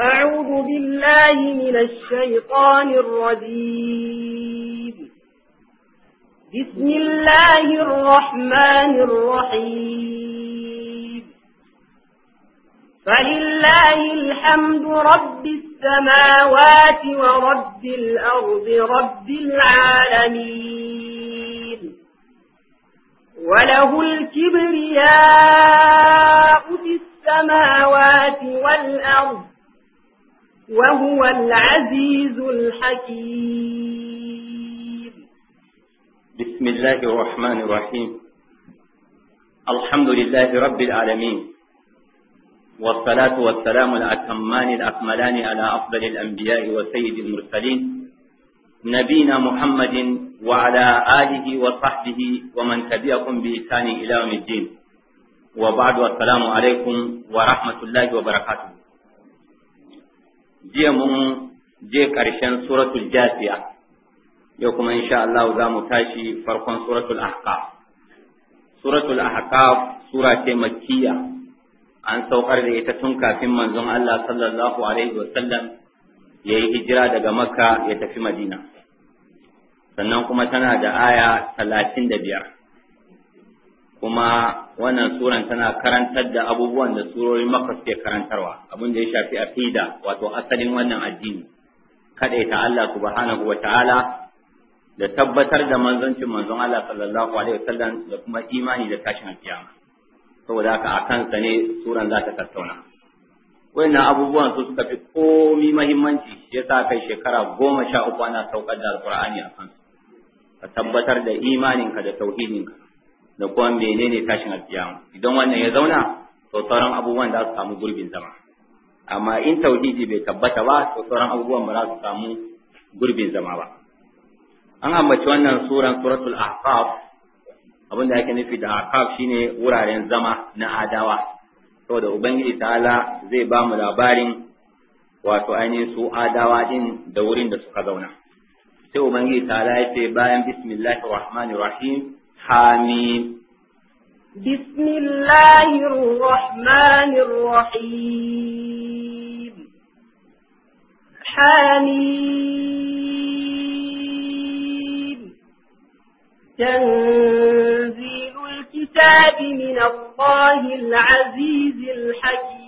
أعوذ بالله من الشيطان الرجيم بسم الله الرحمن الرحيم فلله الحمد رب السماوات ورب الأرض رب العالمين وله الكبرياء في السماوات والأرض وهو العزيز الحكيم بسم الله الرحمن الرحيم الحمد لله رب العالمين والصلاة والسلام الأتمان الأكملان على أفضل الأنبياء وسيد المرسلين نبينا محمد وعلى آله وصحبه ومن تبعكم بإحسان إلى يوم الدين وبعد والسلام عليكم ورحمة الله وبركاته جي من جي كارشان سورة الجاثية يوكم إن شاء الله ذا متاشي فرق سورة الأحقاف سورة الأحقاف سورة مكية أن سوقر ليتتنكا في منزون الله صلى الله عليه وسلم يهجرا دقا مكة يتفي مدينة sannan kuma tana da aya talatin da biyar kuma wannan suran tana karantar da abubuwan da surori maka suke karantarwa abin da ya shafi aqida wato asalin wannan addini kadaita Allah subhanahu wa ta'ala da tabbatar da manzancin manzon Allah sallallahu alaihi wasallam da kuma imani da tashin kiyama saboda haka akan sa ne suran za ta tattauna wannan abubuwan su suka fi komi muhimmanci ya kai shekara goma sha uku ana saukar da alqur'ani a kansu ka tabbatar da imaninka da tauhidinka da kuma menene tashin alkiyama idan wannan ya zauna to sauran abubuwan za su samu gurbin zama amma in tauhidi bai tabbata ba to sauran abubuwan ba za su samu gurbin zama ba an ambaci wannan suran suratul ahqaf abin da ake nufi da ahqaf shine wuraren zama na adawa saboda ubangiji ta'ala zai ba mu labarin wato ainihin su adawa din da wurin da suka zauna سو من جي تعالى بسم الله الرحمن الرحيم حاميم بسم الله الرحمن الرحيم حاميم تنزيل الكتاب من الله العزيز الحكيم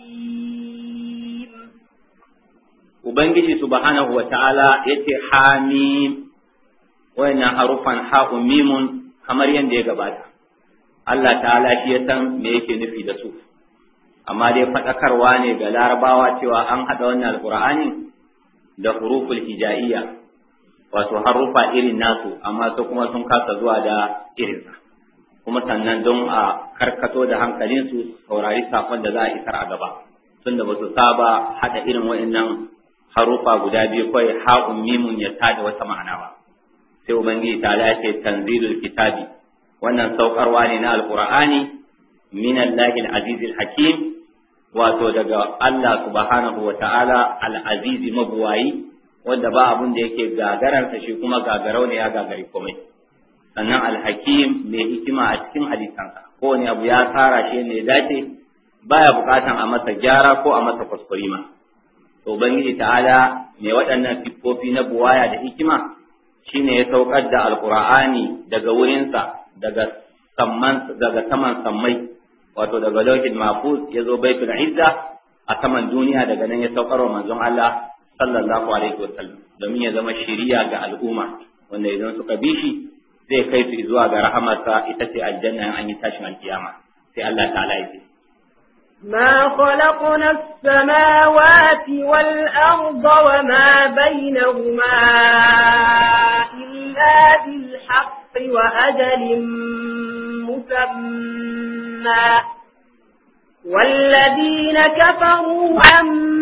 ubangiji subhanahu wata'ala yace hamim a harufan ha'u mimun kamar yadda ya gabata Allah ta'ala shi ya san me yake nufi da su amma dai fadakarwa ne ga larabawa cewa an haɗa wannan alqur'ani da huruful hijaiya wato harufa irin nasu amma su kuma sun kasa zuwa da irinsa kuma sannan don a karkato da hankalinsu saurari sakon da za a isar a gaba tunda ba su saba haɗa irin waɗannan harufa guda biyu kawai ha'un mimun ya tada wata ma'anawa. sai ubangiji ta lace tanzilul kitabi wannan saukarwa ne na alqur'ani min allahi alazizil hakim wato daga Allah subhanahu wa ta'ala al-azizi mabuwayi wanda ba abun da yake gagararsa shi kuma gagarau ne ya gagari komai sannan al-hakim mai hikima a cikin halittansa kowane abu ya tsara shi ne dace baya bukatan a masa gyara ko a masa kuskure ma to ubangiji ta'ala mai waɗannan siffofi na buwaya da hikima shine ya saukar da alkur'ani daga wurinsa daga saman sammai wato daga lauhin mafus ya zo baitul izza a saman duniya daga nan ya saukar wa manzon Allah sallallahu alaihi wasallam domin ya zama shiriya ga al'umma wanda idan suka bi shi zai kai su zuwa ga rahamarsa ita ce aljanna an yi tashin alkiyama sai Allah ta'ala ya ce ما خلقنا السماوات والأرض وما بينهما إلا بالحق وأجل مسمى والذين كفروا أما